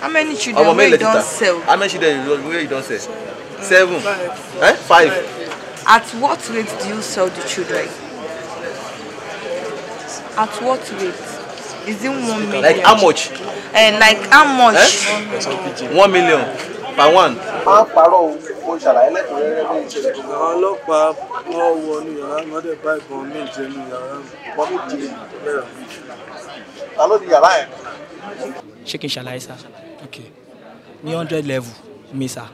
How many children where you don't sell? How many children you where you don sell? Seven. Five. Eh? Five. At what rate do you sell the children? At what rate? Is it one million? Like how much? Eh, like how much? Eh? One million. By one. Máa ń parọ́ Okay, ní hundred level mi sa.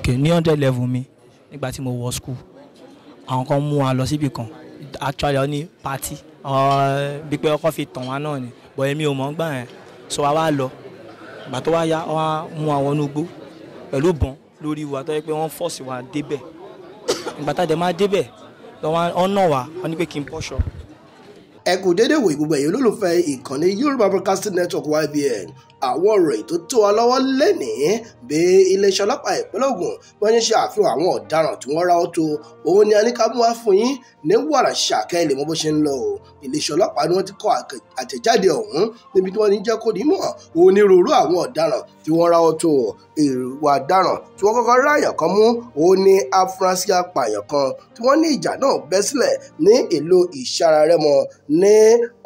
Okay, ní hundred level mi nígbà tí mo wọ school àwọn kan mú wa lọ síbi kan actually ọ ní party bí pé ọkọ fi tàn wá náà ni bọ̀ èmi ò mọ̀ gbà yẹn so wa wá lọ ìgbà tó wá yá wa mú wa wọnú gbó pẹ̀lú bọ́n lórí wa tó yẹ pé wọ́n fọ́ọ̀sì wa débẹ̀ ìgbà tá a dẹ̀ máa débẹ̀ lọ́wọ́ ọ̀nà wa wọ́n ní pé kí n pọ́ṣọ ẹ kú dédé wòye gbogbo ẹ̀yin olólùfẹ́ ìkànnì Yorùbá Broadcasting Network YBN àwọn ọ̀rọ̀ ètò tó wa lọ́wọ́ lẹ́nìí bí iléeṣẹ́ ọlọ́pàá ìpínlẹ̀ Ògùn wọ́n ń ṣe àfihàn àwọn ọ̀daràn tí wọ́n ráwọ́ tó òun ni a ní ká mú wá fún yín ní wàrà ṣàkẹ́ ilé mọ́ bó ṣe ń lọ o iléeṣẹ́ ọlọ́pàá ni wọ́n ti kọ àtẹ̀jáde ọ̀hún níbi tí wọ́n ní jẹ́ kó nímọ̀ onírúurú àwọn ọ̀daràn tí wọ́n ráwọ́ tó ìwà ọ̀daràn tí wọ́n kọ́kọ́ ráàyàn kan mú òun ni afurasí apààyàn kan tí wọ́n ní ìjà náà bẹ́ sílẹ̀ ní ìlú Ìṣararẹ́mọ ní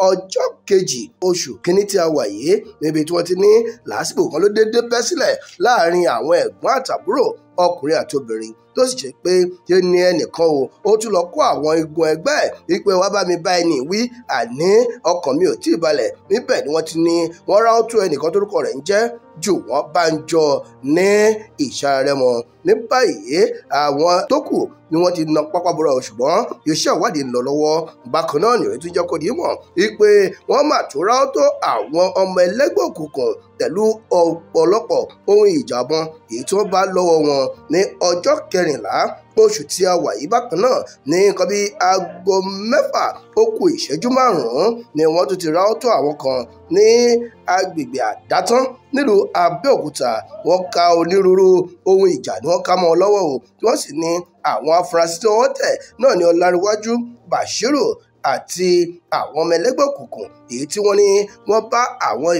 ọjọ́ kejì oṣù kínní tí a wà yìí níbi tí wọ́n ti ní làásìgbò kan ló déédé bẹ́ sílẹ̀ láàrin àwọn ẹ̀gbọ́n àtàbúrò ọkùnrin àti obìnrin tó sì jẹ́ pé ṣe ni ẹnìkan o ó tún lọ kó àwọn igun ẹgbẹ́ ẹ̀ wípé wá bá mi bá ẹni wí àní ọkàn mi ò tí ì balẹ̀ níbẹ̀ ni wọ́n ti ní wọ́n ráwọ́ tó ẹnìkan tórúkọ rẹ̀ ń jẹ́ jù wọ́n bá ń jọ ní ìsàrẹ́mọ ní báyìí àwọn tó kù ni wọ́n ti na pápábọ́ra o ṣùgbọ́n iṣẹ́ ìwádìí ń lọ lọ́wọ́ bákan náà nìyẹn tún jẹ́ kó di mọ̀ wípé wọ́n mà tó ráótó àwọn ọmọ ẹlẹ́gbẹ́ òkùnkùn pẹ̀lú ọ̀pọ̀lọpọ̀ ohun ìjàbọn èyí tí wọ́n bá lọ́wọ́ wọn ní ọjọ́ kẹrìnlá oṣù tí a wà yìí bákan náà ní nǹkan bíi aago mẹ́fà ó kù ìṣẹ́jú márùn-ún ni wọ́n tún ti ráótó àwọn kan ní agbègbè àdátán nílùú Abẹ́òkúta wọ́n ka onírúurú ohun ìjà ni wọ́n ká mọ́ ọ o tí sì ní àwọn afurasí tí wọ́n tẹ̀ náà ni ọláríwájú bashiru àti àwọn ọmọ ẹlẹ́gbẹ́ òkùnkùn èyí tí wọ́n ní wọ́n bá àwọn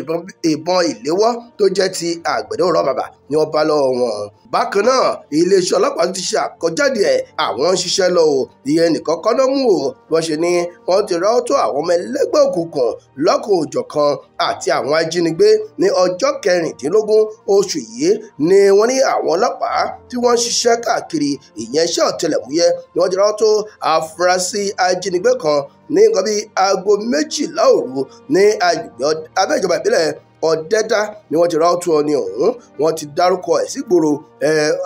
ìbọn ìléwọ́ tó jẹ́ ti àgbẹ̀dẹ ọ̀rọ̀ bàbà ni wọ́n bá lọ́wọ́ wọn. bákan náà iléeṣẹ́ ọlọ́pàá ti ṣe àkọjáde ẹ̀ àwọn ń ṣiṣẹ́ lọ o ìyẹn nìkan kọ́ ló mú o wọ́n ṣe ni wọ́n ti rọ́ tó àwọn ọmọ ẹlẹ́gbẹ́ òkùnkùn lọ́kùn òjọ̀kan àti àwọn ajínigbé ní ọjọ́ kẹrìndínlógún oṣù yìí ni wọ́n ní àwọn ọlọ́pàá tí wọ́n ń ṣiṣẹ́ káàkiri ìyẹn iṣẹ́ ọ̀tẹlẹ̀múyẹ́ ni wọ́n ti rọ́ tó àfúrásì ajínigbé kan ní nǹkan bíi aago méjìlá òru ní agbègbè abẹ́jọba ìbílẹ̀ ọ̀dẹ́dá ni wọ́n ti ra ọ̀tún ọ̀ni ọ̀hún wọ́n ti dárúkọ ẹ̀ sígboro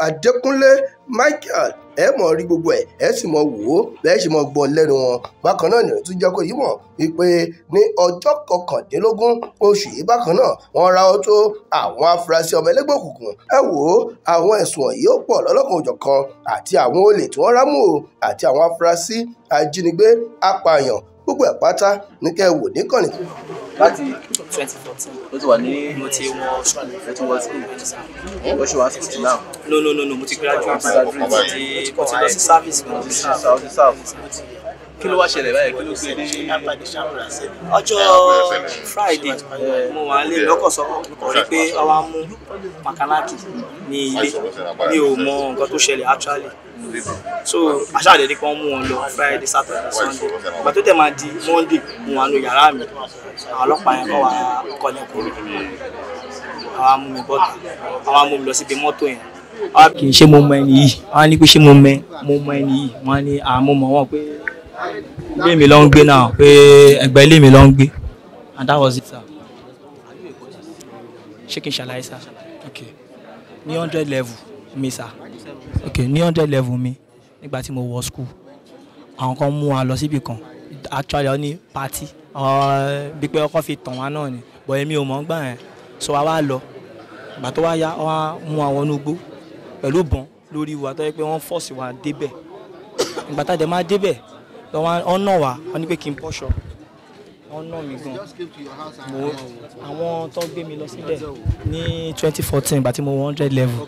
Adékúnlé Michael ẹ mọ̀ rí gbogbo ẹ̀ ẹ sì mọ̀ wò ó bẹ́ẹ̀ sì mọ̀ gbọ́ lẹ́nu wọn bákan náà nìyẹn tún jẹ́ kó yí mọ̀ wípé ní ọjọ́ kọkàndínlógún oṣù yìí bákan náà wọ́n ra ọtó àwọn afurasí ọmọ ẹlẹ́gbẹ́ òkùnkùn ẹ wò ó àwọn ẹ̀sùn ọ̀yí ó pọ̀ lọ́lọ́kan òjọ̀kan àti àwọn olè tí wọ́n rámù o àti àwọn afurasí ajínigbé apààyàn gbogbo ẹ̀ pátá ní kẹ́ wò ní kàn ní. láti twenty fourteen ó ti wà ní mo ti wọ ṣọ́ọ̀nù ìfẹ́ tó wọ school ìfẹ́ sísá ó ṣe wá sí ti náà. no no no mo ti graduate mo ti lọ sí service mo ti sáà kí ló wá ṣẹlẹ̀ báyìí kí ló gbé ní ọjọ́ friday eh, mo wà lé lọ́kọ̀sọ́ kọ̀ rí pé ọwọ́ á mú makanaki ní ilé mi ò mọ nǹkan tó ṣẹlẹ̀ actually so aṣáàdé ni kan mú wọn lọ friday saturday sunday ìgbà tó tẹ̀ máa di monday mo wà nù yàrá mi àwọn ọlọ́pàá yẹn kọ́ wà kọ́lẹ̀kọ́ àwọn amú mi bọ́ta àwọn amú mi lọ síbi mọ́tò yẹn kì í ṣe mo mọ ẹni yìí wọn á ní pé ṣé mo mọ ẹni yìí wọn á ní àmọ́ wọn pé ilé mi ló ń gbé náà pé ẹgbẹ́ ilé mi ló ń gbé and that was it sir. ṣé kí ṣàlàyé sir ok ní hundred level mi sir ok ní hundred level mi nígbà tí mo wọ school àwọn kan mú wa lọ síbì kan actually ó ní party bí pé ọkọ fi tàn wá náà ni bọ̀ èmi ò mọ̀ ń gbà yẹn so wa wá lọ ìgbà tó wá yá wá mú àwọn onugbó pẹ̀lú bọ́n lórí wa tó yẹ pé wọ́n fọ́ọ̀sì wa débẹ̀ ìgbà tá a dẹ̀ máa débẹ̀ lọ wá ọ̀nà wa wọ́n ní pé kí n bọ́ṣọ ọ̀nà mi gan mo àwọn tó gbé mi lọ síbẹ̀ ní twenty fourteen ìgbà tí mo one hundred level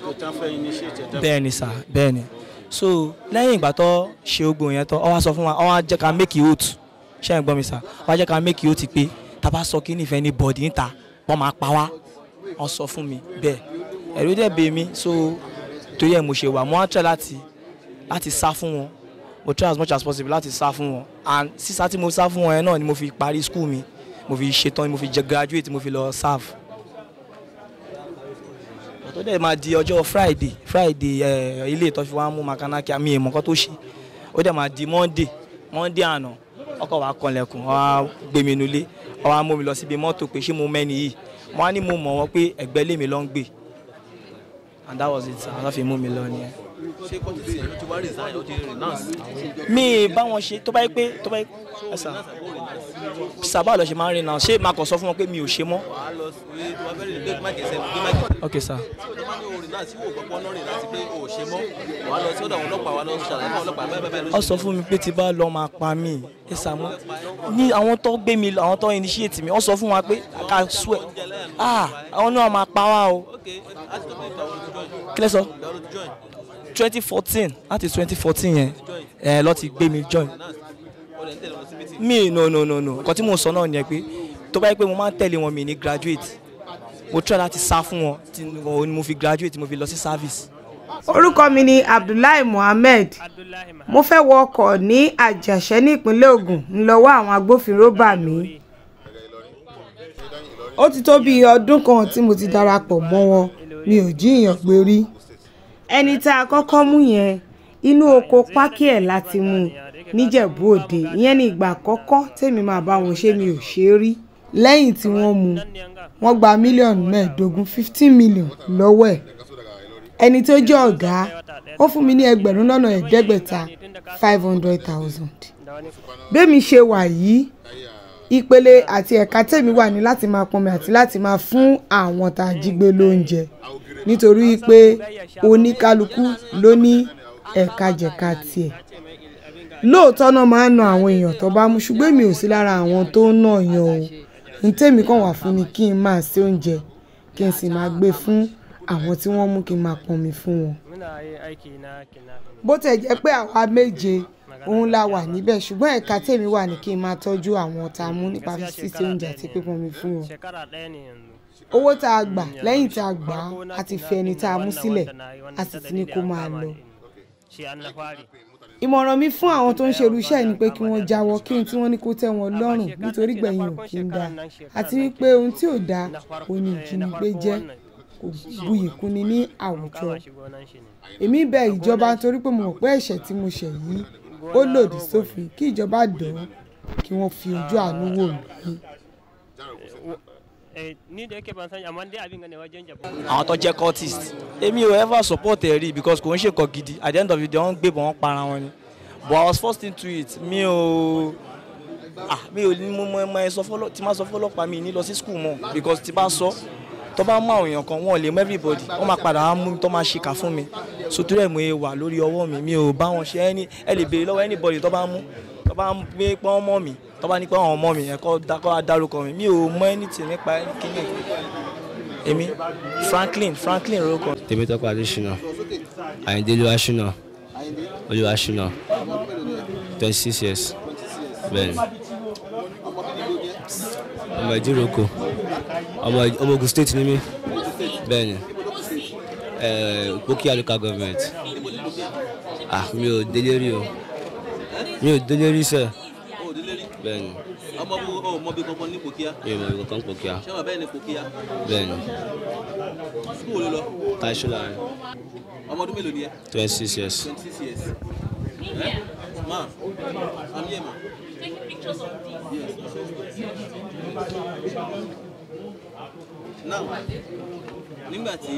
bẹ́ẹ̀ ni sà bẹ́ẹ̀ ni so lẹ́yìn ìgbà tó ṣe ogbó yẹn tó ọ wá sọ fún wa ọ wá jẹ́ ká make youth ṣé ẹ̀ gbọ́ mi sà ọ wá jẹ́ ká make youth pé tá a bá sọ kí nìfẹ́ ní bọ̀dì níta wọ́n máa pa wá ọ sọ fún mi bẹ́ẹ̀ ẹ̀rú dẹ̀ bẹ̀ mi so torí ẹ̀ mo ṣe wà mo á tẹ̀ láti láti sá fún wọn mo try as much as possible láti sá fún wọn and sísá tí mo sá fún wọn yẹn náà ni mo fi parí school mi mo fi ṣetán mo fi jẹ graduate mo fi lọ serve tó dẹ̀ máa di ọjọ́ friday friday ilé ìtọ́ fi wá mú makanaki àmì ìmọ̀ kan tó ṣe ó dẹ̀ máa di monday monday àná ọkọ̀ wa kanlẹ̀kùn wá gbé mi nulẹ̀ wá mú mi lọ síbi mọ́tò pé ṣé mo mẹ́ni yìí mo á ní mo mọ̀ wọ́n pé ẹ̀gbẹ́ lèmi ló ń gbé and that was it àwọn fi mú mi lọ nìyẹn ṣé kọ́tù tiẹ̀ ló ti wá resign ó ti renounce. mi bá wọn ṣe tó bá yẹ pé tó bá yẹ ẹ sà sábà lọ máa ń renounce ṣé màá kàn sọ fún wọn pé mi ò ṣe mọ́. ok sir. ó sọ fún mi pé tí bá lọ máa pa mí ẹ sà mọ́ ní àwọn tó gbé mi àwọn tó initiate mi ó sọ fún wa pé ká swear ah àwọn náà máa pa wá o. kílẹ̀ sọ twenty fourteen láti twenty fourteen yẹn ẹ lọ gbé mi join mi no no no no nǹkan tí mo sọ náà yẹn pé tó bá yẹ pé mo máa ń tẹ̀lé wọn mi ní graduate mo try láti sá fún wọn tí mo fi graduate mo fi lọ sí service. orúkọ mi ni Abdullahi Mohammed mo fẹ́ wọ ọkọ̀ ní Àjàṣẹ́ ní ìpínlẹ̀ Ògùn ńlọ́wọ́ àwọn agbófinró bà mí. ó ti tó bí ọdún kan tí mo ti darapọ̀ mọ́ wọn mi ò jíyàn gbé rí ẹni tá a kọ́kọ́ mú yẹn inú oko pákí ẹ̀ láti mú un níjẹ̀bú òde ìyẹn ni ìgbà àkọ́kọ́ tèmi máa bá wọn ṣe mi ò ṣe é rí lẹ́yìn tí wọ́n mú wọ́n gba mílíọ̀nù mẹ́ẹ̀ẹ́dógún fifteen million lọ́wọ́ ẹ̀ ẹni tó jẹ́ ọ̀gá ó fún mi ní ẹgbẹ̀rún lọ́nà ẹ̀ẹ́dẹ́gbẹ̀ta five hundred thousand. bẹ́ẹ̀mi ṣe wà yìí ìpele àti ẹ̀ka tèmi wà ní láti máa pọnmi àti láti máa fún àwọn tá a jí gbé lóúnjẹ nítorí pé oníkálukú ló ní ẹ̀kajẹ̀ka tiẹ̀ lóòótọ́ náà máa ń na àwọn èèyàn tó bá mú ṣùgbọ́n èmi ò sí lára àwọn tó ń nà yàn o ní tèmi kàn wà fún ni kí n máa ṣe oúnjẹ kí n sì máa gbé fún àwọn tí wọ́n mú kí n máa pọnmi fún wọn. bó tẹ̀ jẹ́ pé àwa méje òun la wà níbẹ̀ ṣùgbọ́n ẹ̀ka tèmi wà ní kí n máa tọ́jú àwọn tá mú nípa sísè oúnjẹ àti pípọnmi fún wọn owó tá a gbà mm, lẹ́yìn tá a gbà á ti fi ẹni tá a mú sílẹ̀ a sì ti ní kó máa lọ. ìmọ̀ràn mi fún àwọn tó ń ṣe iṣẹ́ ni pé kí wọ́n jáwọ́ kí n tí wọ́n ní kó tẹ́ wọn lọ́rùn nítorí gbẹ̀yìn ò kí ń da àti wípé ohun tí ò da òun ni ìjínigbé jẹ́ kò buyì kúni ní àwùjọ. èmi bẹ ìjọba torí pé mo mọ̀ pé ẹ̀ṣẹ̀ tí mo ṣẹ̀ yìí ó lòdì sófin kí ìjọba dán kí wọ́n fi ojú àánú wò mí ní dẹ́kẹ́ bá ń sáyà àmọ́ ndé àbí nǹkan ẹ̀wá jẹ́ ń jàpọ̀. àwọn tó jẹ́ cultist èmi ò ever support ẹ̀ rí because kò ń ṣe nǹkan gidi at the end of the day wọ́n ń gbébọn wọ́n para wọn ni but I was forced into it mi ò ah, mi ò ní mo mọ ẹ sọ fọlọ tí máa sọ fọlọpàá mi ní lọ sí school mọ́ because tí bá sọ tó bá mú àwọn èèyàn kan wọn ò lè mọ everybody wọn máa padà wá mú mi tó máa ṣìkà fún mi so tó rẹ̀ mo wà lórí ọwọ́ mi mi ò bá wọn ṣe ẹni ẹ lè béèrè lọ́wọ́ anybody tó bá mú tó bá mú pé pọ́n mọ́ mi tó bá ní pé àwọn ọmọ mi yẹn kọ́ dárúkọ mi mi ò mọ anything nípa kíní èmi Franklin Franklin orúkọ. Tèmítọ́pọ̀ Adéṣínà Àyìndé Olúwaṣínà Olúwaṣínà twenty six years bẹ́ẹ̀ni ọmọ ìdíròkọ ọmọ Ogun State ni mí bẹ́ẹ̀ni Ìpókíà local government ah mi ò délé rí o mi ò délé rí sẹ́ẹ̀ bẹ́ẹ̀ni. ọmọ bí o mọbi kankan ní Kokia. mi ò mọbi kankan Kokia. ṣé bàbá yẹn ní Kokia. bẹ́ẹ̀ni. sukuu wo ló lọ. Taiṣu Láàrin. ọmọ ọdún mélòó ni ẹ. twenty six years. twenty six years. Eh? ma I'm here ma. taking pictures of this. yes. now nígbà tí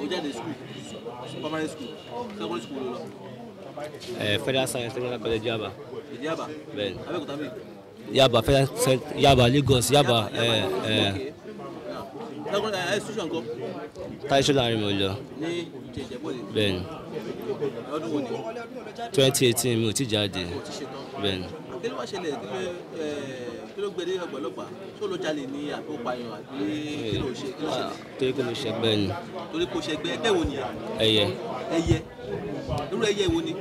o jáde school primary school secondary school lọ federal science technical college yaba. yaba bẹ́ẹ̀ni abẹ́òkúta mi. yaba federal science yaba lagos yaba. táyé sọ́lá rìn mọ̀ lọ. bẹ́ẹ̀ni twenty eighteen mi ò tí jáde bẹ́ẹ̀ni. kí ló wá ṣẹlẹ̀ kí ló gbẹdẹ ọgbọlọpàá tó ló jalè ní àpòpààyàn àbí kí ló ṣe kí ló ṣẹlẹ̀. torí kò ló ṣẹgbẹ́ ni. torí kò ṣẹgbẹ́ ẹgbẹ́ wo ni. ẹyẹ. ẹyẹ irú ẹyẹ wo ni.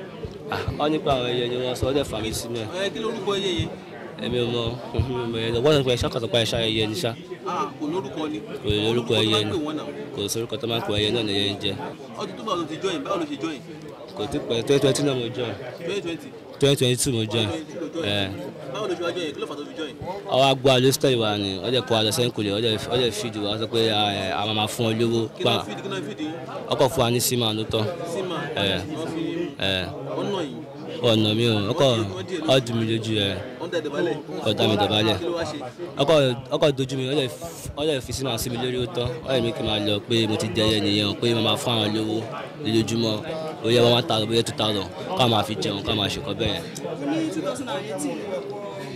Ah, wọ́n nípa àwọn ẹyẹ ni wọ́n sọ ọ́ dẹ̀ fà mí sínú ẹ̀. ẹ kí lorúkọ ẹyẹ yẹn. èmi ò mọ wọ́n sọ pé ẹ̀ṣá kan ẹyẹ ni ṣá. kò lórúkọ ni. kò lórúkọ ẹyẹ ni kò sórúkọ tó máa ń pè ẹyẹ náà ni ẹyẹ ń jẹ. ọdún tó bá lọ ti join báwo ló ṣe join. kò tí pẹ́ twenty mo join. twenty mo join báwo lójú ọjọ́ yìí kí ló fà tó fi jọ yìí. àwa agbó alẹ́ sítọ́rì wa ni ọjọ́ kó alẹ́ sẹ́yìn kùlẹ̀ ọjọ́ fídíò wa sọ pé àwọn ah, máa fún ọ lówó. kí ló fídíò kí ló fídíò. ọkọ̀ fún wa ní sima ló tọ́. sima ọ̀nà yìí ọ̀nà mi ò ọkọ̀ ọdún mi lójú ẹ̀ ọ̀dà mi dọ̀bálẹ̀ ọkọ̀ dojú mi ọlẹ́ fi sí màá sí mi lórí ó tọ́ ọ̀rẹ́ mi kì máa lọ pé mo ti dẹ́yẹ nìyẹn pé màá fún àwọn lówó lójoojúmọ́ bóyá one thousand bóyá two thousand ká máa fi jẹun ká máa ṣèkọ́ bẹ́ẹ̀. ní two thousand and eighteen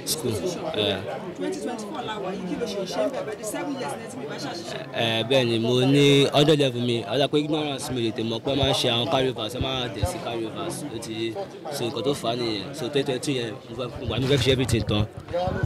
school twenty twenty four la wà yìí kí ló ṣe ṣe ń bẹ̀rẹ̀ di seven years ní ti mi bá ṣàṣìṣe. ẹ bẹ́ẹ̀ ni mo ní ọjọ́ level mi ọjà pé ignorance mi lè tè mọ̀ pé máa ń ṣe àwọn carry overs ẹ máa tẹ̀ sí carry overs ó ti so nǹkan tó fà á nìyẹn so twenty twenty two yẹn mo fẹ́ fi ṣe everything tán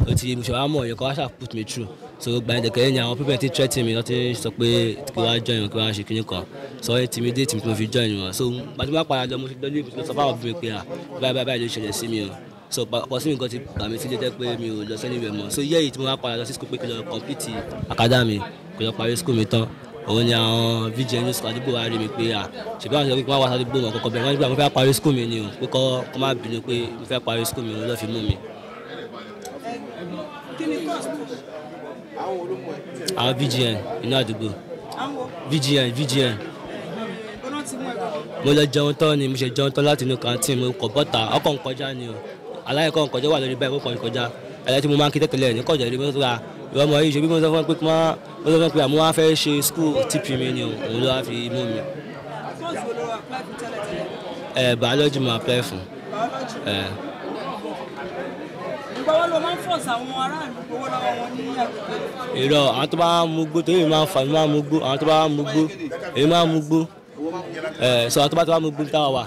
ó ti mo ṣe wá mọ̀ yẹn kó wá ṣàput me through so gbàyànjẹ kẹyìn ni àwọn pípẹ́ ti threaten mi lọ́tí sọ pé kí wàá join wọn kí wàá ṣe kíní kan sọ yẹn tìmí dé tí mo fi join wọn so gbàtí wọn padà lọ mo ti ìbùsùn sọ fáwọn mi pé à ah, báyìí báyìí báyìí ló ṣẹlẹ̀ sí mi o so pọ̀ sí mi nǹkan ti gbà mí sílé jẹ́ pé mi ò lọ sẹ́ni ìwé mọ́ so yẹ́ yìí tí mo wá padà lọ sí school pé kí lọ complete academy kí lọ parí school mi tán òun ni àwọn vgn news àdúgbò wa rí mi pé à ah, ṣùgbọ́n àwọn ìṣẹ́gun wà sádùúgbò wọn kọ́kọ́ bẹ̀rẹ̀ wọ́n ti gbà mo fẹ́ parí school mi ni o pé kọ́ kọ́ má bínú pé mo fẹ́ parí school mi òun fi mú mi àwọn VGN inú àdúgbò VGN VGN mo lọ jẹun tán ni mo ṣe jẹun tán láti inú kantin mo kọ bọ́tà ọkọ̀ ń kọjá ni o aláìkọ́ ń kọjá wà lórí báyìí ọkọ̀ ń kọjá ẹ̀rẹ́ tí mo máa ń kí tẹ́tẹ̀lẹ̀ ní kọ̀jẹ̀ rí mọ́tò ra ah, ìwọ ọmọ yìí ṣe bí mo sọ fún pé mo sọ fún pé àmọ́ ah, wá fẹ́ ṣe skul tp mi ni òun ló wá fi mú mi. ẹ eh, biology mo apply fún. biology eh ìgbà wọn lọ máa ń fọ̀ọ̀sì àwọn aráàlú gbowó lọ́wọ́ wọn ní àgbègbè. irọ́ àwọn tó bá mú gbó tó yìí máa ń fà mí máa mú gbó àwọn tó bá mú gbó èyí máa mú gbó ẹ sọ àwọn tó bá tó bá mú gbó táwa wà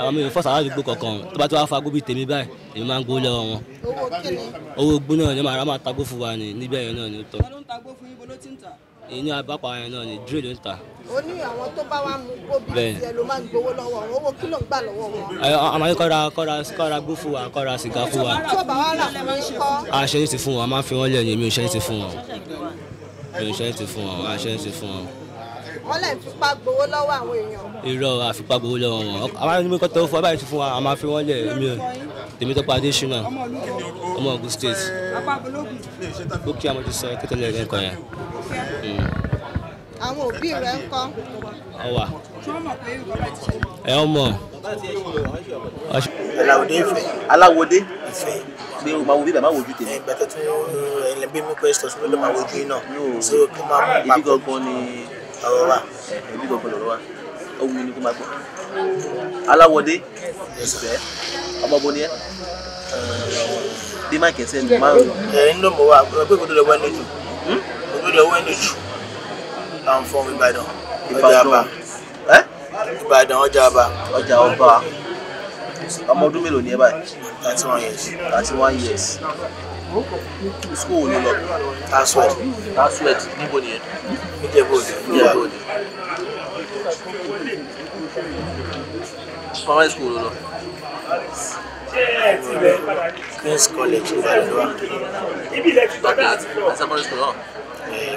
àwọn mi ò fọ̀ọ̀sì àwọn àdúgbò tó bá tó bá fagbó bíi tèmi báyìí èyí máa ń gbó lọ́wọ́ wọn. owó gbó náà ni màá máa tagbó fún wa níbẹ̀ yẹn náà ni ó tọ́. wọn ló ń tagbó fún yín bolo tí ń tà inú abápàá yẹn náà ni drill ń ta. ó ní àwọn tó bá wá mú kóbi àti ẹ ló máa ń gbowó lọ́wọ́ owó kí ló ń gbà lọ́wọ́ wọn. ẹ àmọ́ yìí kọ́ra kọ́ra gbó fún wa kọ́ra sìgá fún wa. tó bá wà rà fún yín kọ́. àṣẹ yìí ti fún wọn a máa fi wọn lẹ́yìn mi ò ṣe é ti fún wọn mi ò ṣe é ti fún wọn àṣẹ yìí ti fún wọn. wọ́n lè fipá gbowó lọ́wọ́ àwọn èèyàn. irọ́ àfipá gbowó lọ́wọ́ wọn àwọn Tèmítọ́pọ̀ Adésínà ọmọ Ogun state ó kí amọ̀jú sọ kí tẹ́lẹ̀ rẹ̀ nǹkan yẹn. Hmm. àwọn òbí rẹ̀ ń kọ́. ọwà ẹ ọmọ. aláwòdé ìfẹ́ aláwòdé ìfẹ́ pé o máa wo bí bàbá wojú tèmi. ìgbà tó tún ẹni bí mi pẹ́ sọ̀tún ló máa wojú iná so kí n máa mú papọ̀. ibi gangan ni ọ̀rọ̀ wa. ibi gangan lọ̀rọ̀ wa ohun mi ni kó máa gbọ́ aláwọ̀dé ìfẹ́ ọmọbọ ni ẹ dé máa kẹsẹ̀ ní márùn. ẹ̀yin ló mọ̀ wá pé kò tó lọ wá ẹni jù hmm? kò tó lọ wá ẹni jù là ń fọ́n Ìbàdàn ọjà àbá Ìbàdàn ọjà àbá. ọjà ọba ọmọ ọdún mélòó ni ẹ báyìí. thirty one years. thirty one years school ni lọ. that's wet. that's wet níbo ni ẹ. níjẹ̀bú òde. níjẹ̀bú òde primary school lọ. Queen's College Ìbàdàn ló wà. Ibi ilẹ̀ ti dọ́dá àti lọ. Àti primary school náà.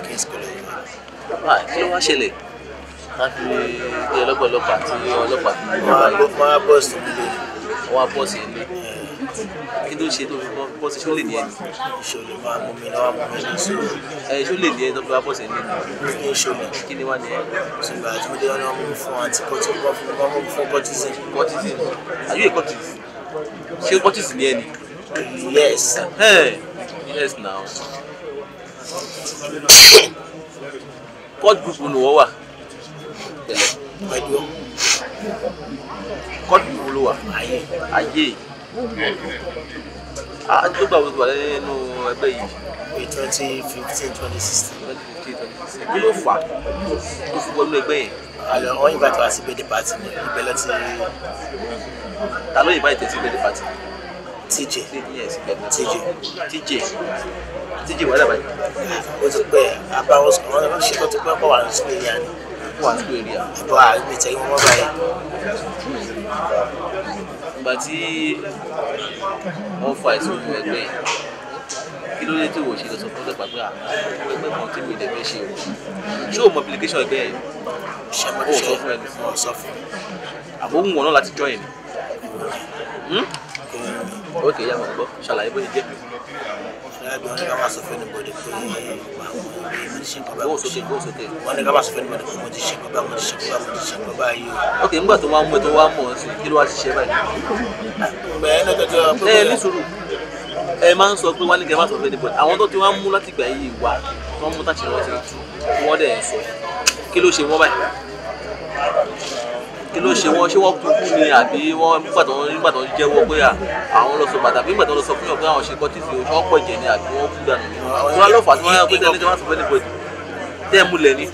Queen's College Ìbàdàn. Kí ló wá ṣẹlẹ̀? Ká fi ilé ọlọ́pàá ọlọ́pàá àti ọlọ́pàá. Wọ́n á bọ́ọ̀sì nílé. Wọ́n á bọ́ọ̀sì nílé kí ló ṣe tó fi bọ́ bọ́sẹ̀ ṣó lè ní ẹni. ìṣòlè máa mú mi lọ́wọ́ mú mi lọ sí òun. ẹ ṣó lè ní ẹni tó fi wá bọ́sẹ̀ ní ẹni. ìṣòlè kí ni wá ní ẹni. ṣùgbọ́n àtúndé ọ̀nà mú fún àti kọ́tù bọ́ fún bọ́ fún kọ́tìsì. kọ́tìsì àyè kọ́tìsì ṣé kọ́tìsì ní ẹni. yes. yes now. court group ni wọ́n wà. court group ló wà. ayé. ayé tó gbà wọ́n wà nínú ẹgbẹ́ yìí. ní twenty fifteen twenty sixteen. twenty fifteen twenty sixteen kí ló fà tó fi wọnú ẹgbẹ́ yẹn. àlọ́ wọ́n yìnbọn tó wá sí birthday party ní ibẹ̀ lọ ti. ta ló yìnbọn ìtẹ̀sí birthday party. TJ TJ TJ TJ wà dàbà yìí. o ti pẹ́ abáwọ̀ sọ̀rọ̀ wọn ṣe tó ti pẹ́ kọ́ wà ní sukuu èrìà ni. wà ní sukuu èrìà. ìbọn àgbẹ̀tẹ̀ yìí wọ́n mọ́ báyìí ìgbà tí wọ́n fa ìṣòro ẹgbẹ́ kí ló dé tí wò ṣe lọ sọ fún ọ̀sẹ̀ pàgbé àgbẹ̀ kan tí mi dẹ̀gbẹ́ ṣe o ṣé o mọ application ẹgbẹ́ ẹ̀ o sọ fún ẹni fún ọ̀sọ̀ fún àbò ń wọ̀n náà láti join ni hmm? Hmm? ok yà máa gbọ́ ṣàlàyé bó ṣe jẹ́ mi ẹgbẹ́ wọn ní ká má sọ fún ẹnibọdẹ pé mo ti ṣe nǹkan báyìí mo ti ṣe wọn ní ká má sọ fún ẹnibọdẹ pé mo ti ṣe nǹkan báyìí mo ti ṣe nǹkan báyìí mo ti ṣe nǹkan báyìí o. ok nígbà tó wá mú ẹ tó wá mọ ọ sí kí ẹ ní ẹ máa ń sọ pé wọn ní ká má sọ fún ẹnibọdẹ àwọn tó ti wá mú láti gbà yìí wá wọn mú tàṣẹ wọn ti tú wọn dẹ̀ sọ kí ló ṣe wọn báyìí kí ló ṣe wọn ṣé wọn kúkú ni àbí wọn nígbà tó nígbà tó jẹ́wọ́ pé àwọn lọ sọ bàtà àbí nígbà tó lọ sọ fún yàn pé àwọn ṣe kọtí sí oṣù ọ̀pọ̀ jẹ ni àbí wọn kú dànù ni wọn lọ fà á tí wọn yà pé tẹlifíṣàn máa sọ fẹ níbo tẹ ẹ múlẹ̀ ni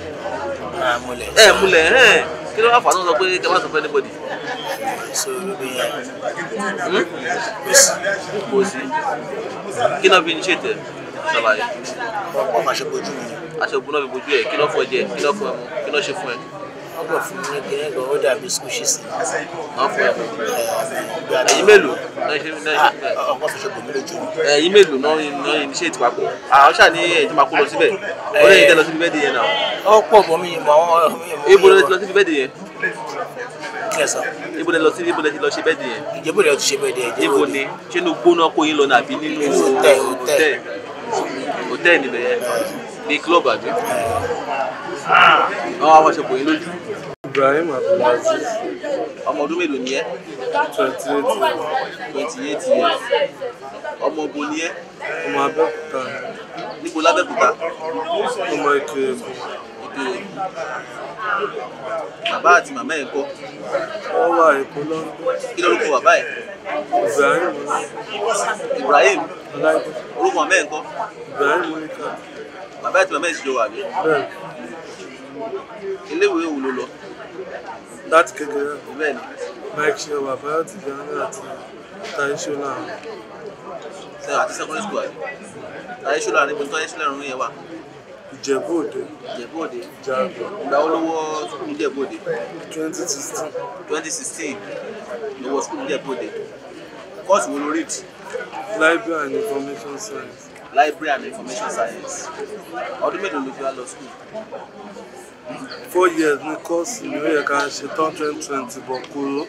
ah, ẹ múlẹ̀ ẹ kí ló wà fà á tó sọ pé tẹ máa sọ fẹ níbo di. kò sí kí náà fi ń ṣètẹ ṣàlàyé. ọ̀pọ̀ máa ṣe bojú mi. aṣọ ògùn náà fi bojú ẹ̀ kí ló fọ jẹ kí ló fọ ẹ̀ mú kí wọ́n pọ̀ fún mi kí nǹkan ó dàbí squishes ni. ẹ̀yin mélòó ah, ah, ọkọ fi ṣe bòmí lójú. ẹ̀yin mélòó náà náà yìí ṣe ètò àpò ah, àwọn ṣáà ní ẹ̀jẹ̀ máa kó lọ síbẹ̀ ọ̀rẹ́ yìí tẹ́ lọ síbi bẹ́ẹ̀dì yẹn náà. ó pọ̀ bọ́ mi yìí mọ́ ibo lẹ ti lọ síbi bẹ́ẹ̀dì yẹn. kẹsàn. ibo lẹ lọ sí ibo lẹ lọ ṣe bẹ́ẹ̀dì yẹn. ìjẹ́bù lẹ ti ṣe bẹ́ẹ̀dì yẹn. ibo ni ṣé inú gbóná kó yín lọ nàbí nínú hòtẹ́ẹ̀ hòtẹ́ẹ̀ níbẹ̀ yẹn bíi Ah, wá ṣe kò yín lójú. Ibrahim Abdulaziz. ọmọ ọdún mélòó ni ẹ. twenty eight years. twenty eight years. ọmọ ogun ni ẹ. ọmọ Abẹ́òkúta. níbo lábẹ́òkúta. ọmọ Ìkirè Èkó. Ìkirè Èkó. bàbá àti màmá ẹ̀ kọ́. wọ́n wà Èkó lọ́dún. kí lórúkọ bàbá ẹ̀. Ibrahim. Ibrahim. orúkọ mẹ́ẹ̀ kọ́. Ibrahim Oníkà. bàbá àti màmá ẹ̀ sì iléèwé wo ló lọ. láti kékeré bẹ́ẹ̀ ni. mike ṣe bàbá àti jàǹdà àti taishola. ṣe àti secondary school àti taishola níbo ní taishola ìrún yẹn wà. ìjẹ̀bú òde. ìjẹ̀bú òde. jaago. ìgbà wo ló wọ sukùl ìjẹ̀bú òde. twenty sixteen. twenty sixteen ló wọ sukùl ìjẹ̀bú òde. kọ́ọ̀sì wo ló rí ti. library and information science. library and information science. ọdún mélòó ló fi wá lọ sukùl four years ní kọ́ọ̀sì ni ó yẹ ká ṣe tán twenty twenty bọ̀ kúrò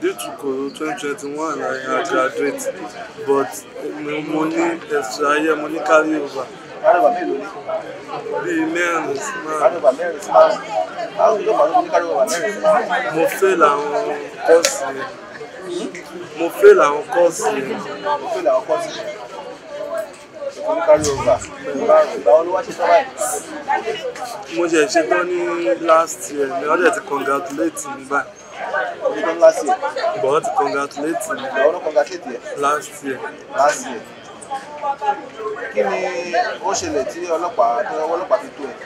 due to koro twenty twenty one i had graduate but mo ní extra year mo ní carry over bíi mẹ́rin sí márùn-ún mo fail àwọn kọ́ọ̀sì yẹn mo fail àwọn kọ́ọ̀sì yẹn mo ṣe ṣetán ní last year ní ọdẹ ti congratulate mi báyìí. ṣetán last year. bọ́ọ̀ ti congratulate mi. bọ́ọ̀ last year. last year. kí ni ó ṣẹlẹ̀ tí ọlọ́pàá tí ọwọ́ ọlọ́pàá fi tó ẹ̀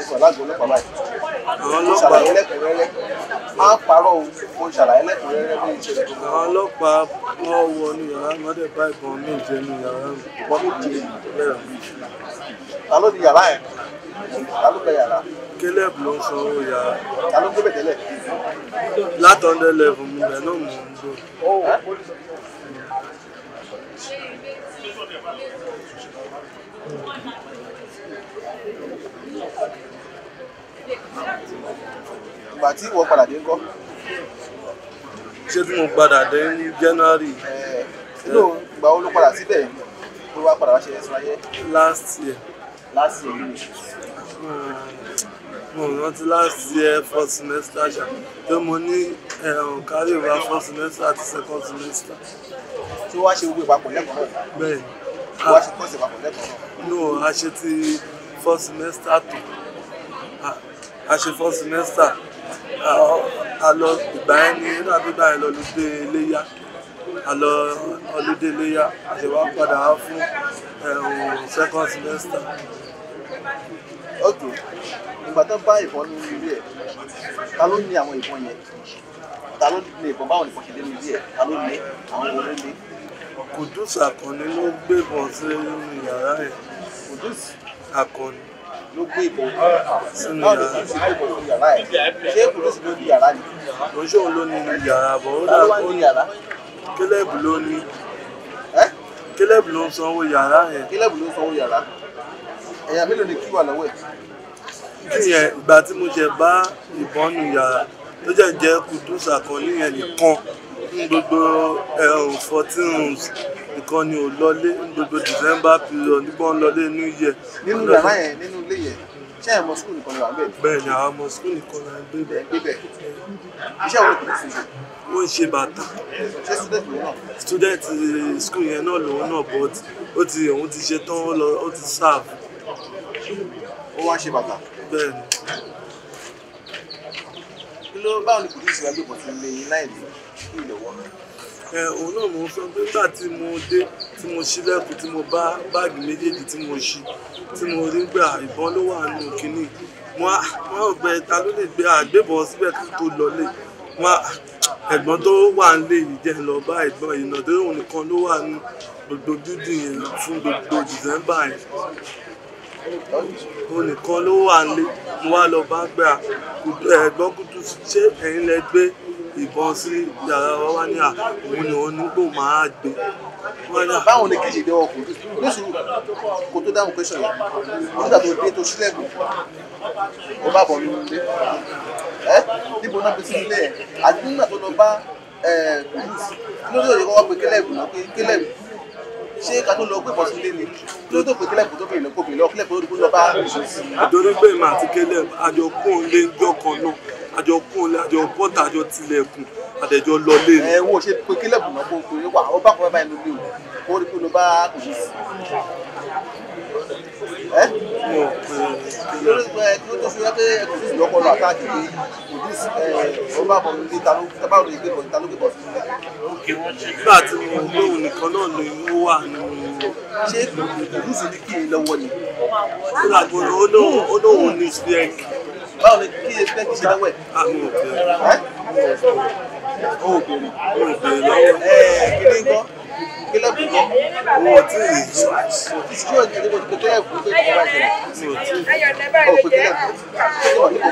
ó sọ lágbo ọlọ́pàá báyìí àwọn ọlọ́pàá ṣàlàyé lẹ́kùnrẹ́rẹ́ má parọ́ o mo ṣàlàyé lẹ́kùnrẹ́rẹ́ bí ìṣẹ̀lẹ̀ tó lọ. àwọn ọlọ́pàá wọn wọ inú yàrá wọn dẹ̀ bá ìbọn méje nínú yàrá mi. ìbọn méje bẹ́ẹ̀. ta ló di yàrá yẹn ta ló bẹ yàrá. caleb ló ń san owó yàrá. ta ló gbé tẹ́lẹ̀. látọ̀ndẹ̀ lẹ́fún mi bẹ̀ náà mò ń gbọ́. Thank you. ìgbà tí ìwọ padà dé ńkọ́. ṣé bí mo padà dé ní January. ló ìgbà wo ló padà síbẹ̀ ló wá padà wá ṣe ẹ̀sùn ayé. last year. last year yìí. Hmm, mo rántí last year first semester ṣá pé mo ní ẹ̀rùn eh, carry over first semester àti second semester. tí wọ́n á ṣe gbogbo ìpapọ̀ lẹ́kọ̀ọ́ náà. bẹ́ẹ̀ ni. wọ́n á ṣe kọ́ọ̀sì ìpapọ̀ lẹ́kọ̀ọ́ náà. no a ṣe ti first semester tó a ṣe fọ́ semester a lọ ìgbà yẹn ni inú àgbégbà yẹn lọ lóde iléyà a lọ ọlóde iléyà a ṣe wá padà wá fún second semester. ok ìgbà tó bá ìbọn ní ilé ẹ ta ló ní àwọn ìbọn yẹn ta ló ní ìbọn báwọn ìbọn ṣe dé ní ilé ẹ ta ló ní àwọn ìbọn ló ní. Kùdùs Àkànní ló gbébọn sí yàrá yẹn Kùdùs Àkànní ló gbé ìbọn sínú yàrá náà ló fi gbé ìbọn sínú yàrá ẹ ṣé èkó ló sì ló ní yàrá ni. kò ń ṣòun ló ní yàrá bọ̀ ó dà kó kílẹ̀bù ló ní kílẹ̀bù ló ń sanwó yàrá yẹn. kílẹ̀bù ló ń sanwó yàrá ẹ̀yà mélòó ni kí wà lọ́wọ́ ẹ̀. kí yẹn ìgbà tí mo ṣe bá ìbọn nù yàrá tó jẹ́ jẹ́ kùtùsà kan níyẹn nìkan gbogbo eh, fourteen nǹkan ni ò lọlé gbogbo december period nígbà ń lọlé new year. nínú yàrá yẹn nínú ilé yẹn ṣé ẹ̀ mọ sukùl nìkan ni wà bẹ́ẹ̀. bẹ́ẹ̀ ni àwọn ọmọ sukùl nìkan ni à ń gbé bẹ́ẹ̀. gbé bẹ́ẹ̀ iṣẹ́ wo kò sí. ó ń ṣe bàtà. ṣé student lòun náà. student eh, school yẹn náà lòun náà but ó ti òun ti ṣe tán ó ti serve. ó wá ṣe bàtà. bẹ́ẹ̀ ni. kí ló báwo ni kò tí ì ṣe wájú kan ti lè yín láì lè òun náà mo sọ pé nígbà tí mo dé tí mo ṣílẹ̀kùn tí mo bá báàgì méjèèjì tí mo ṣí tí mo rí gbà ìbọn ló wà nínú kínní wọn wọn ò gbẹ ta ló lè gbé àgbébọn síbẹ̀ kí tó lọlé wọn ẹ̀gbọ́n tó wà nílé yìí jẹ́ lọ bá ẹ̀gbọ́n yìí náà torí òun nìkan ló wà ní gbogbo dúdú yẹn fún gbogbo dìsẹ́mbà yẹn òun nìkan ló wà nílé mo wá lọ bá gbà ẹ̀gbọ́n kútù ṣé ẹ̀yin lẹ gbé ìbọn sí yàrá wa wá ní à òun ni òun nígbò máa gbé. báwọn ni kejì ìdẹ́wọ̀ kò ní sùúrù kò tó dáhùn pẹ́sọ̀ yìí nígbà tó dé tó sílẹ̀kùn ó bá bọ̀ nínú ilé ẹ́ níbo náà fi sí ilé ẹ̀ àti nígbà tó lọ bá lórí òye kọ́kọ́ pé kélẹ́bù náà pé kélẹ́bù ṣé ká tó lọ pé bọ́sùn lé ni tó tó pé kélẹ́bù tó bèèrè lọ́kọ́ bèèrè lọ́kọ́ lẹ́bù tó lọ bá. àdórí àti kélẹ́bù àjọkùn lè jọkàn náà àjọ kúnlẹ̀ àjọ bọ́tà àjọ tilẹ̀kùn àdẹ̀jọ lọlé ni. ẹ wo ṣe pé kílẹ̀kùn náà bó pé wà ó bá kọ́ bá ẹnu lé o ó rí pé ló bá kò sí sí. ẹ mo pè é kí ló tó fi wá pé kò sí ìyọkọ lọ àtàkì pé kò ní sí ọ bá bọ̀ nílé ta ló bá lóye gbé lọ ta ló gbé bọ̀ sí ilé. nígbà tí mo lóhùn nìkan náà ni ó wà nínú. ṣé kò ní sí ní kí n lọ́wọ́ ni. ó lóhùn ní sílẹ̀ kì í báwo ni kí ẹsẹ kí ṣe lọ́wọ́ ẹ̀. o ah, ò béèrè o ò béèrè lọ́wọ́. ẹ kí ni nǹkan àgbélẹ̀kùn kan owó tí ìṣú ẹ̀jẹ̀ níbo tó tó ẹ̀kú pé kò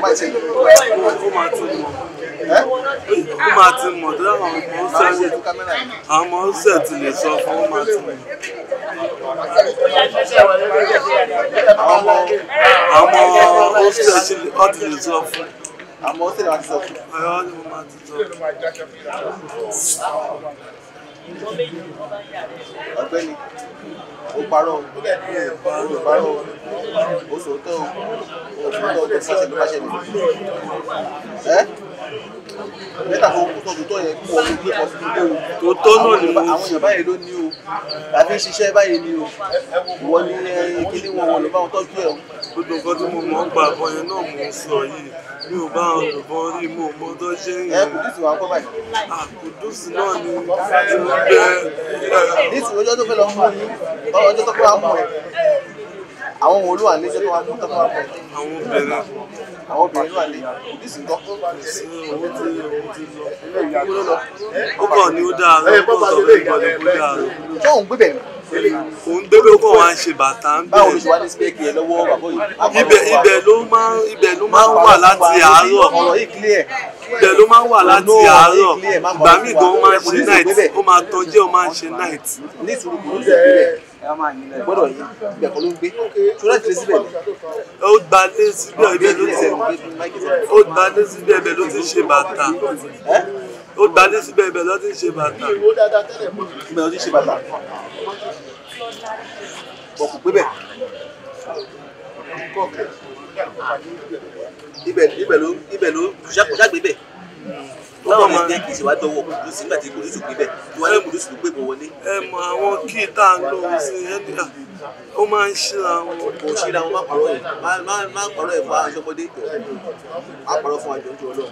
bá ìṣẹ̀lẹ̀ mi ò tí ò tó wà ní kò bá ìṣẹ̀lẹ̀. ó máa tún mọ̀ ó máa tún mọ̀ tó àwọn ọmọ ọ̀sẹ̀ ti lè sọ fún ó máa tún mọ̀ àmọ́ hostel ọtí lè sọ fún. àmọ́ hostel ọtí lè sọ fún. ọ̀yọ́ ti sọ ọ̀gbẹ́ni ó parọ́ ó parọ́ ó sòótọ́ ó sòótọ́ ó tẹsí àṣẹ ló bá ṣẹlẹ̀ ẹ mẹ́ta kan kò tóbi tó yẹ kí wọn gbé ọsùn tó léwu tó tó náà ni àwọn èèyàn báyìí ló ní o àfi ń ṣiṣẹ́ báyìí ni o wọn ní kíní wọn wọn ló bá wọn tọ́jú ẹ o gbogbo nǹkan tí mo mọ̀ ń pa àbọ̀ náà mò ń sọ yìí mi ò bá àwọn rí mo mọ tó ṣe ń yìn. kùdùsù wà kọ́ báyìí. kùdùsù náà ni tí mo bẹ. níìsì ojú ọjọ́ tó fẹ́ lọ mú yín ọjọ́ tó fẹ́ wá mú àwọn ohun olúwa ní sẹ́tọ́ wa mú tọ́kọ́ wa àwọn obìnrin. àwọn obìnrin wà ní kùdùsù nǹkan. owó ti owó ti lọ. ó bọ̀ ni ó dáa lọ́wọ́ tó sọ pé ìbọ̀dọ̀ dáa lọ òun débi ó kàn wá ń ṣe bàtà ń bẹ̀ ibẹ̀ ibẹ̀ ló máa ibẹ̀ ló máa ń wà láti àárọ̀ ibẹ̀ ló máa ń wà láti àárọ̀ ìgbà míì gan ó máa ń ṣe night ó máa tọ́jú ó máa ń ṣe night ó gba lé síbẹ̀ ibẹ̀ ló ti ṣe bàtà ó dání síbẹ̀ ibẹ̀ lọ́ọ́ ti ń ṣe bàtà. ìwọ dáadáa tẹ́lẹ̀ mọ́ ibẹ̀ lọ́ọ́ ti ń ṣe bàtà. bọ̀ kò pé ibẹ̀ ló ṣàgbé bẹ̀. Báwo ni jẹ́ kì í ṣe wá dọ́wọ́ kùdùsù nígbà tí kùdùsù gbé bẹ̀ tí wọ́n ní kùdùsù ló gbé wọlé. Ẹ mọ àwọn kí tá a lọ sí ẹ́díà ó máa ń ṣíra wọn. Kò ṣíra wọn má pàrọ̀ ẹ̀ má pàrọ̀ ẹ̀ fún aṣọ́mọdé. Má pàrọ̀ fún àjọjọ ọlọ́run.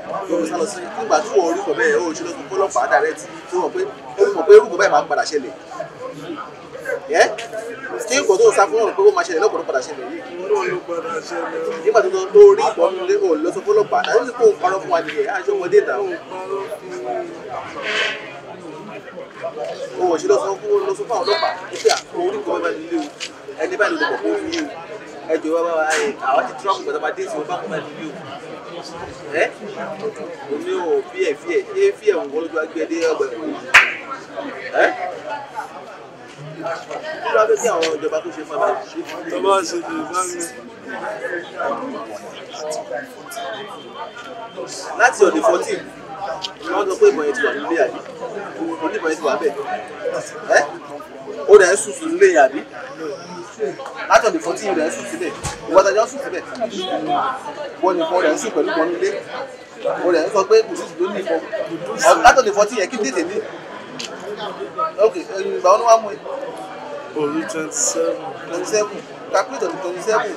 lórí sálọ sí nígbà tí wọ́n orúkọ bẹ́ẹ̀ ó ṣe lọ́sùn kọ́lọ́pàá dàrẹ́tì tí wọ́n pé ó pé orúkọ báyìí máa ń padà ṣẹlẹ̀ ẹ́ tí nǹkan tó sá fún ọ̀rọ̀ pé ó máa ṣẹlẹ̀ lọ́pọ̀lọpọ̀ padà ṣẹlẹ̀ yìí. nígbà tó tó rí ìbọn nílé ò lọ sọ kọ́lọ́pàá tí kò ń fún wa nìyẹn àjọ ọmọdé ìta o ò ṣe lọ fún àwọn ọlọ́pàá ó ṣe àwọn orúkọ báyìí nílé o ẹni báyìí ló o ẹjọ wa wa ẹ àwọn ti trump gbọdọ máa dé ìsìn bá kúmọ níbí o ẹ o ní o fíẹ fíẹ ẹ fíẹ ń wọlé ju agbẹ dé ọgbà ẹkọ yìí ẹ kí ló dé kí àwọn ìjọba tó ṣe fún abẹ. tọ́lá ṣe lè bá mi. láti ọ̀dẹ̀ fourteen wọ́n sọ pé ìbọn yẹn ti wà nílé àyè oníbọn yẹn ti wà bẹ́ẹ̀ ó rẹ̀ sùn sùn lé yàbí láti ọ̀dẹ̀ fọ́tí rẹ̀ sùn sílẹ̀ ìwọ́tajà sùn sílẹ̀ wọ́n nìkan rẹ̀ sùn pẹ̀lú kan nílé ó rẹ̀ sọ pé kò sí ìdó nìkan láti ọ̀dẹ̀ fọ́tí yẹn kí tètè ní ok ìgbà wọn wá mú ẹ. orí twenty seven. twenty seven calculate on twenty seven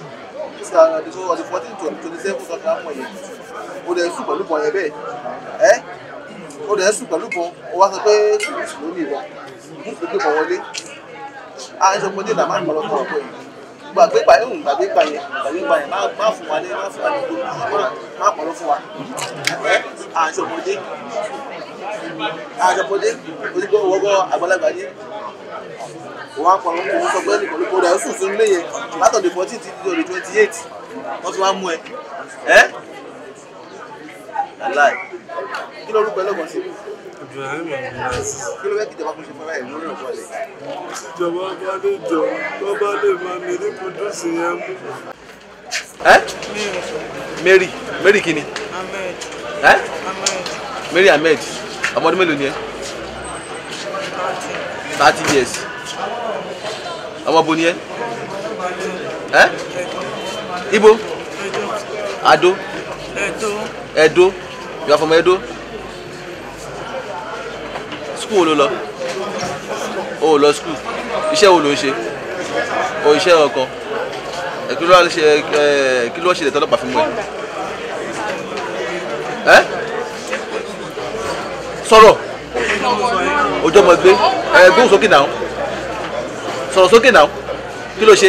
ọ̀dẹ̀ fọ́tí twenty seven tọ́ka mọ̀ yẹn ó rẹ̀ sùn pẹ̀lú kan yẹn bẹ́ẹ̀ ẹ́ ó rẹ̀ sùn pẹ̀lú kan ó wá sọ pé kò sí ìdó nìkan mú ìdó nìkan wọlé a ń sọpọ̀ díẹ̀ dàmá ìmọ̀lọ́ tó ọ̀pọ̀ yìí gbàgbé pa yẹn gbàgbé pa yẹn gbàgbé pa yẹn má fún wa ní má fún wa ní gbogbo má pọ̀lọ́ fún wa a ń sọpọ̀ dé a ń sọpọ̀ dé onígbọ́ wọ́gọ́ àgbàlagbà yẹn òun á pọ̀lọ́ fún sọ pé nìkan ló kó rẹ̀ ó sùn sínú ilé yẹn látọ̀dẹ̀ fourteen ti di ọ̀dẹ̀ twenty eight wọ́n ti wá mú ẹ ẹ́ kí lórúkọ ẹlẹ́gbọ̀n sí Mary Mary kini. ni. Eh? Ahmed. Mary Ahmed ọmọ ọdún mélòó ni ẹ. thirty years ọmọ bo ni ẹ. Eh? ibo Ado Edo Edo you are from Edo skul wo ló lọ o ò lọ skul iṣẹ́ wo ló ń ṣe o iṣẹ́ ọkọ kí ló ṣe kí ló ṣe lè tọ́lọ́pàá fún mi ẹ sọ̀rọ̀ ojú ọmọ gbé ẹ gbóhùn sókè náà sọ̀rọ̀ sókè náà kí ló ṣe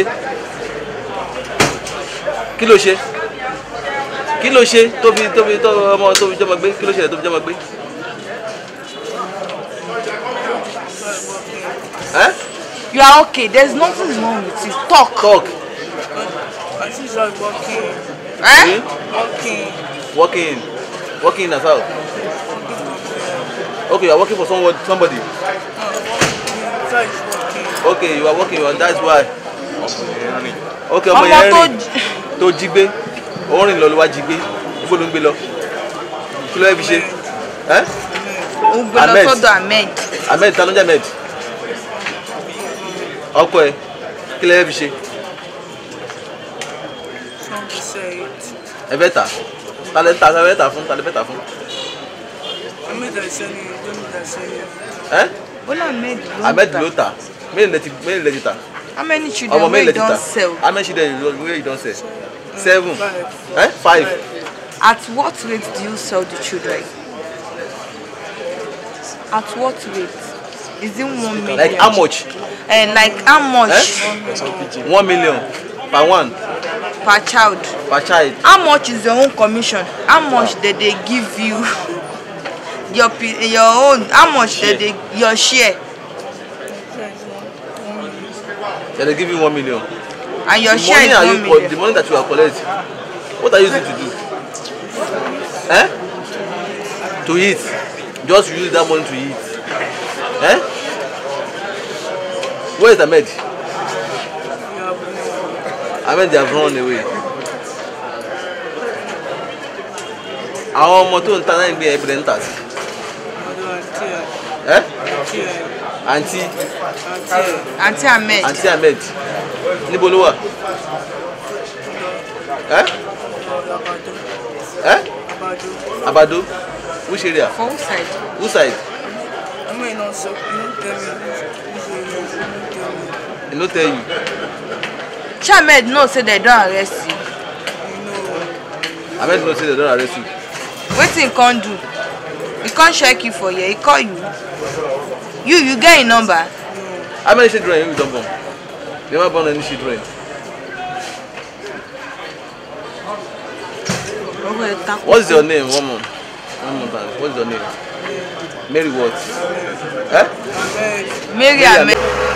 kí ló ṣe kí ló ṣe tóbi tóbi tó ọmọ tóbi jọmọ gbé kí ló ṣẹlẹ̀ tóbi jọmọ gbé. Eh? You are okay. There's nothing wrong with you. Talk. Talk. I see Working. walking. Eh? eh? Walking. Walking. Walking as well. Okay, you are working for someone, somebody. Okay, you are working, and that's why. Okay, ọmọ yẹn rìn tó jí gbé, ó rìn lọ ló wá jí gbé, ibo ló ń gbé lọ? Eh? Ahmed. Ahmed, ta ló Ahmed? ọkọ ẹ kí lẹ́yìn fi ṣe. ẹ fẹ́ tà ta lẹ́ ta fẹ́ tà fún ta lẹ́ fẹ́ tà fún. ahmed asani ahmed asani. ẹ. bọ́lá ahmed ló ń ta ahmed ló ta mélòó lẹ ti mélòó lẹ ti ta. how many children wey you don sell. how many children wey you don sell. seven five. Eh? five. At what rate do you sell the children? At what rate? Is it one million? Like how much? And eh, like how much? Eh? One million per one. Per child. Per child. How much is your own commission? How much wow. did they give you? your your own. How much share. did they your share? Yeah, they give you one million. And your the share is one you, million. The money that you are collecting, what are you using to do? Eh? To eat. Just use that money to eat. Eh? Where is Ahmed? Ahmed they have run away. Our ọmọ tó Tana ta náà ń gbé ẹbí rẹ̀ ń tà sí. Ẹ́ àǹtí. Ahmed. Àǹtí Ahmed. Níbo ló wà? Ẹ́ Ẹ́ Abado. Which area? For side? Who side? Ọmọ ìnáwó sọ. I no tell you. Chamed know say they don't arrest you. No. Ahmed know say they don't arrest you. Wetin can't do? He can't check you for here. He call you. You you get a number. How many children you don't born? Never born any children. What's your name? One more. One more time. What's your name? Mary what? Eh? Mary Ahmed.